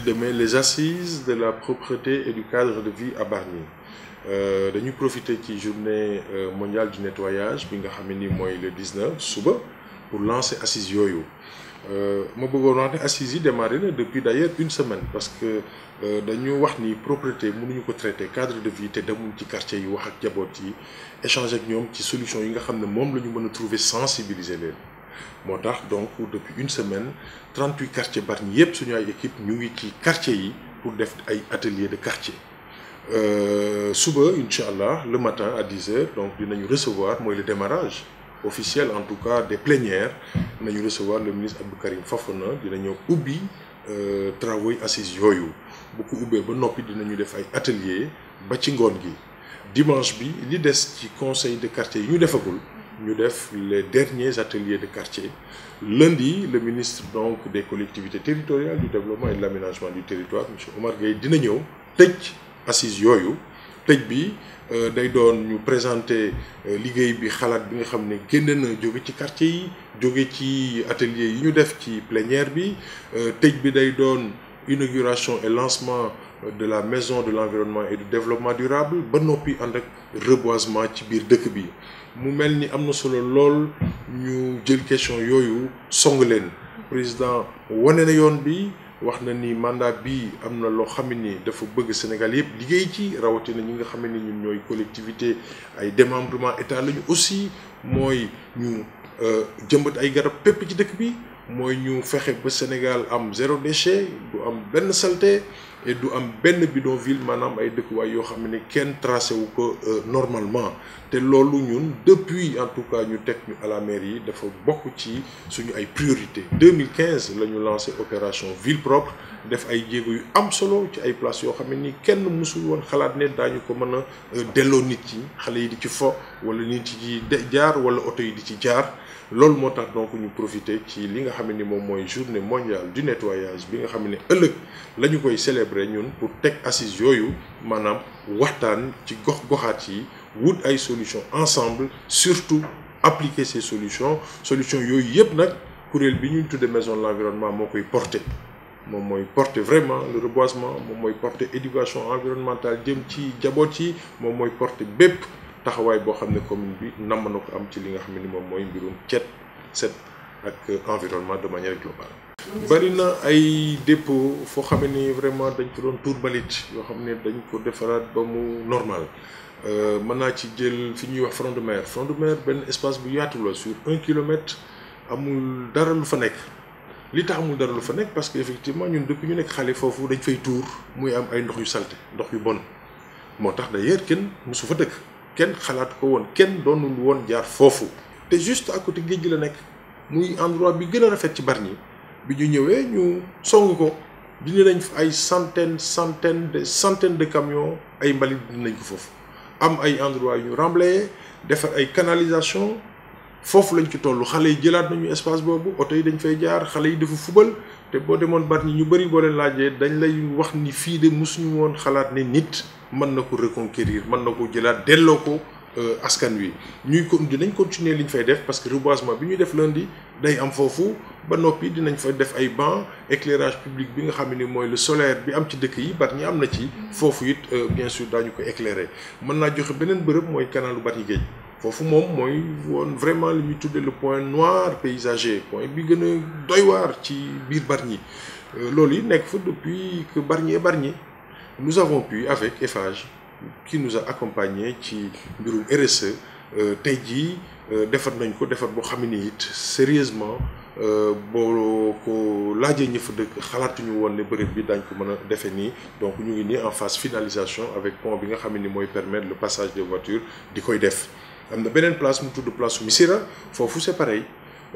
demain les assises de la propreté et du cadre de vie à Bargny euh, dañu profiter ci journée euh, mondiale du nettoyage bi nga le 19 suba pour lancer assises yooyu euh, ma bëggoon wax assises yi démarré depuis d'ailleurs une semaine parce que dañu wax ni propreté mënuñu ko traiter cadre de vie te demul ci quartier yi wax ak jaboot yi échanger ak ñoom ci solution yi nga xam ne moom la trouver sensibiliser les motax donc depuis une semaine 38 quartiers Bargny yépp suñu ay équipe ñu ngi ci quartier yi pour def ay ateliers de quartier euh, suba incha le matin à 10 h donc dinañu recevoir moy le démarrage officiel en tout cas des plénières nañu recevoir le ministre Abdou Karim Fofana dina ñëw travailler travaux yi assises yooyu bu ko ubbee ba nopi dinañu def ay atelier ba ci ngone gi dimanche bi li des ci conseil de quartier ñu defagul nous def les derniers ateliers de quartier lundi le ministre donc des collectivités territoriales du développement et de l'aménagement du territoire M. Omar Gueye dina venir, tëj assise yoyu nous bi euh, day doon ñu présenter euh, liguey bi xalat bi nga xamné le ci quartier yi joggé ci atelier yi ñu def ci plénière bi euh, bi day inauguration et lancement de la maison de l'environnement et du développement durable ba noppi ànd ak reboisement ci biir dëkk bi mu mel ni am na solo lool ñu jël question yooyu song leen président wane na yoon bi wax na ni mandat bi am na loo xam ni dafa bëgg Sénégal yëpp liggéey ci rawatina ñi nga xam ne ñun ñooy collectivité ay démembrement état lañu aussi mooy ñu euh, jëmbat ay garab pépp ci dëkk bi mooy ñu fexe ba Sénégal am zéro déchet du am benn saleté et du am ville bidonville manam ay dëkkuwaay yoo xam pas kenn tracé euh, normalement té ñun depuis en tout cas ñu à la mairie dafa ci suñu ay priorité 2015 nous avons lancé opération ville propre def ay jéego am solo ci ay kenn musul won xalaat ko a euh, nit loolu moo tax donc ñu profité ci li nga xam ni moom mooy journée mondiale du nettoyage bi nga xam ne ëllëg la ñu koy célébrer ñun pour teg assise yooyu maanaam waxtaan ci gox goxaat yi wut ay solutions ensemble surtout appliquer ces solutions solutions yooyu yëpp nag kuréel bi ñu tuddee maison de l'environnement moo koy porter moom mooy porter vraiment le reboisement moom mooy porter éducation environnementale jëm ci jaboot yi moom mooy porter bépp. taxawaay boo xam ne commune bi namm na ko am ci li nga xam ne ni moom mooy mbirum cet set ak environnement de manière globale. bari na ay dépôt foo xam ne ni vraiment dañ ko doon tuur balit yoo xam ne dañ ko defaraat ba mu normal euh, mën naa ci jël fi ñuy wax front de mer front de mer benn espace bu yaatu la sur un kilomètre amul dara lu fa nekk. li tax amul dara lu fa nekk parce que effectivement ñun dëkk ñu nekk xale foofu dañ fay tuur muy am ay ndox yu salte ndox yu bon kenn xalaat ko won kenn doonul won jaar fofu te juste à côté géej gi la nekk muy endroit bi gëna rafet ci Bargny bi ñu ñëwee ñu song ko dindi nañ ay centaine centaine de centaine de camions ay mbalit dindi nañ ko fofu am ay endroit yu ñu remblayé defar ay canalisation fofu lañ ci tollu xalé yi nañu espace bobu auto yi dañ fay jaar xalé yi defu football te boo demoon bat ñi ñu bëri boo laajee dañ lay wax ni fii de mosuñu woon xalaat ne nit mën na ko reconquérir mën na ko jëlaat delloo ko euh, askan wi ñuy ko dinañ continuer li ñu fay def parce que reboisement bi ñuy def lundi day am foofu ba noppi dinañ fa def ay banc éclairage publique bi nga xam ni mooy le solaire bi am ci dëkk yi bat ñi am na ci mm. foofu it euh, bien sûr daañu ko éclairer mën naa joxe beneen bërëb mooy kanalu bat ñi géej foofu moom mooy woon vraiment li ñuy le point noir paysager point bi gën doy war ci bir barni euh, loli nek fa depuis que barni est barni nous avons pu avec efage qui nous a accompagné ci birum RSE euh, tey jii euh, defar nañ ko defar bo xamni it sérieusement bo ko laajee ñi fa dëkk xalaatuñu woon ne bërëb bi dañ ko mëna défé ni donc ñu ngi ni en phase finalisation avec pont bi nga xamni moy permettre le passage des voitures dikoy koy def am na beneen place mu tudd place Missira foofu c'est pareil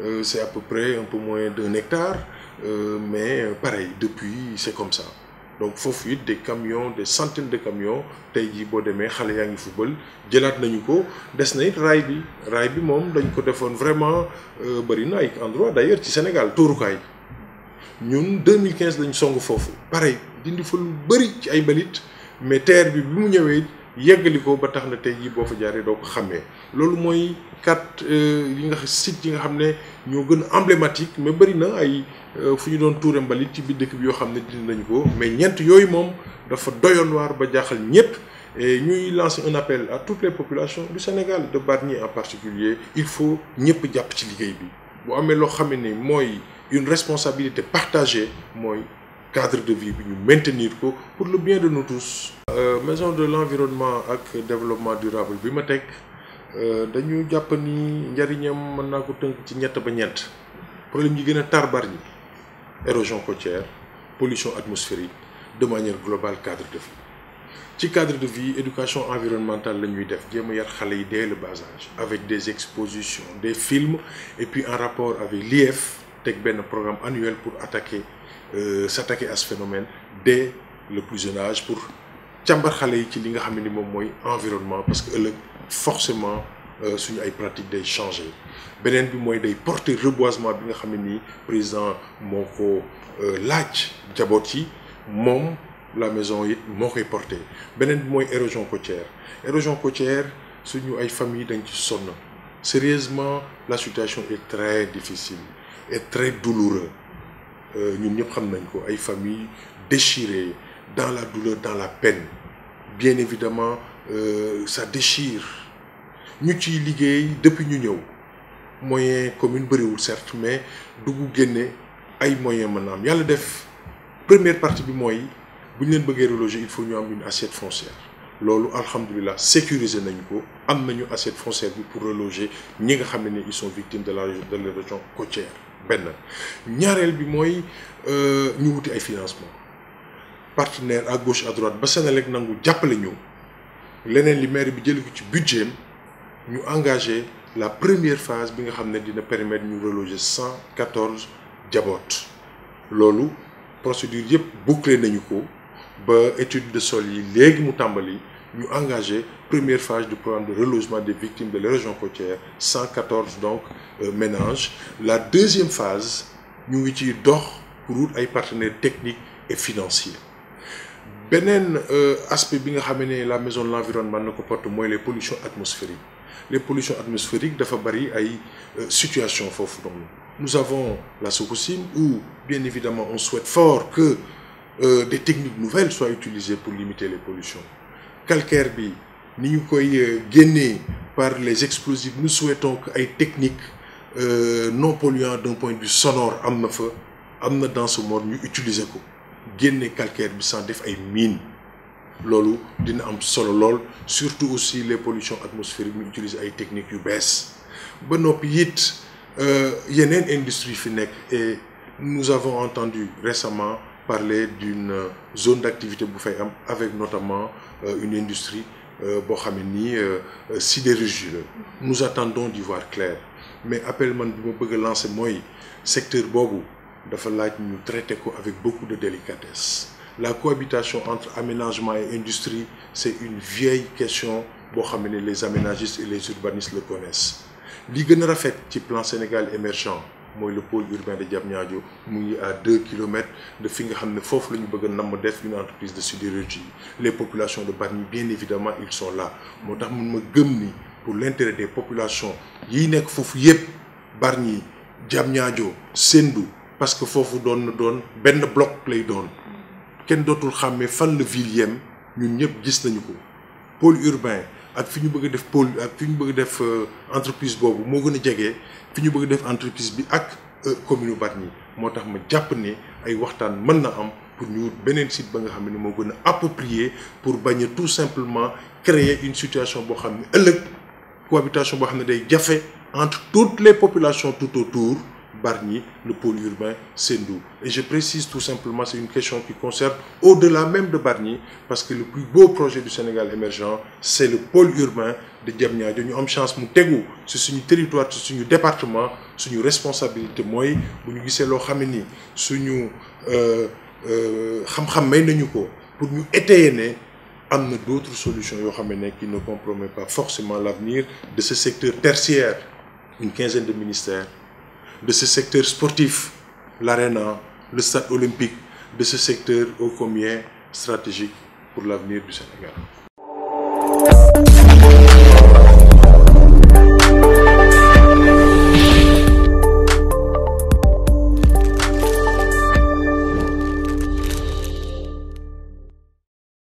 euh, c'est à peu près un peu moins d'un hectare euh, mais euh, pareil depuis c'est comme ça donc foofu it des camions des centaines de camions tey jii boo demee xale yaa ngi football jëlaat nañu ko des na it raay bi raay bi moom dañ ko defoon vraiment bëri na ay endroit d'ailleurs ci Sénégal ñun 2015 lañ song foofu pareil dindi fa lu bëri ci ay mbalit mais terre bi bi mu il ba tax na tey boo fa jaaree ko xàmmee loolu mooy quatre euh, yi nga sites yi nga xam gën mais bëri na ay euh, fu ñu doon tuure mbalit ci bi ko mais ñent yooyu moom dafa doyoon waar ba un appel à toutes les populations du Sénégal de Barni en particulier il faut ñëpp jàpp ci liggéey bi bu amee loo avons une responsabilité partagée cadre de vie que maintenir pour le bien de nous tous. Euh, maison de l'environnement et développement durable BIMATEC. Nous euh, avons dañu jàpp ni njariñam des problème yi érosion côtière pollution atmosphérique de manière globale cadre de vie ci cadre de vie éducation environnementale nous avons def jéem a dès le bas âge avec des expositions des films et puis un rapport avec l'IEF teg un programme annuel pour attaquer euh, s'attaquer à ce phénomène dès le plus jeune âge pour càmbar xale yi ci li nga xamni mom moy environnement parce que le forcément euh, suñu ay pratique day changer benen bi moy day porter reboisement bi nga xamni président moo euh, laaj la maison yit moo koy porter benen bi moy érosion côtière érosion côtière suñu ay famille dañ ci sonn sérieusement la situation est très difficile et très douloureuse nous avons des familles déchirées dans la douleur dans la peine bien évidemment euh, ça déchire Nous avons des depuis ñu ñëw moyen commune bëriwul certes mais nous avons ay moyen La première partie bi mooy si leen reloger il faut ñu am une assiette foncière loolu alhamdulilah sécuriser sécurisé, ko am nañu assiette foncière pour reloger les nga sont victimes de la région côtière ben ñaarel bi euh ñu wuti ay financement partenaire à gauche à droite ba Senelec nangu jappalé ñu leneen li maire bi jël ko ci budget ñu engagé la première phase bi nga xamné dina permettre ñu reloger 114 quatorze lolu procédure yépp bouclé nañu ko ba étude de sol yi légui mu tambali nous engagé première phase du programme de relogement des victimes de la région côtière 114 donc euh, ménages la deuxième phase nous utilisons pour partenaires techniques et financiers Benen euh, aspect bi nga la maison de l'environnement ne comporte les pollutions atmosphériques les pollutions atmosphériques dafa bari une euh, situation nous avons la Sokosim où bien évidemment on souhaite fort que des techniques nouvelles soient utilisées pour limiter les pollutions calcaire bi ni koy euh, par les explosifs nous souhaitons que ay techniques euh, non polluant d'un point de vue sonore am na dans ce monde nous utiliser ko des calcaire bi sans def ay mine loolu dina am solo lool surtout aussi les pollutions atmosphériques nous utiliser ay techniques yu bees ba noppi it euh, industrie fi et nous avons entendu récemment parler d'une zone d'activité bouffée avec notamment euh, une industrie euh, boo euh, sidérurgie nous attendons d'y voir clair mais appel man secteur Bogou dafa nous traiter avec beaucoup de délicatesse la cohabitation entre aménagement et industrie c'est une vieille question boo les aménagistes et les urbanistes le connaissent Ligue n'a a rafet plan Sénégal émergent mooy le pôle urbain de Diamniadio mu ngi à deux kilomètres de fi nga xam ne foofu la bëgg une entreprise de sidérurgie les populations de Barni, bien évidemment ils sont là moo tax mun ma gëm ni pour l'intérêt des populations yi nekk foofu yépp Bargny Diamniadio Sendou parce que foofu doon na doon benn bloc lay doon kenn dootul xàmmee fan la ville yem ñun ñëpp gis nañu ko pôle urbain ak fi ñu bëgg def pôle ak fi ñu bëgg a def euh, entreprise boobu moo gën a jege fi ñu bëgg def entreprise bi ak bat euh, Bargny moo tax ma jàpp ne ay waxtaan mën na am pour ñu wut beneen site ba nga xam ne ni moo gën a approprié pour bañ a tout simplement créer une situation boo xam ne ëllëg cohabitation boo xam ne day jafe entre toutes les populations tout autour Barnier, le pôle urbain Sendou. Et je précise tout simplement, c'est une question qui concerne au-delà même de Barnier, parce que le plus beau projet du Sénégal émergent, c'est le pôle urbain de Diamniadio. Nous avons chance de nous sur notre territoire, sur notre département, sur nos responsabilités. Moi, nous ce que nous pour nous étayer dans d'autres solutions qui ne compromettent pas forcément l'avenir de ce secteur tertiaire une quinzaine de ministères de ce secteur sportif, l'arena, le stade olympique, de ce secteur ô combien stratégique pour l'avenir du Sénégal.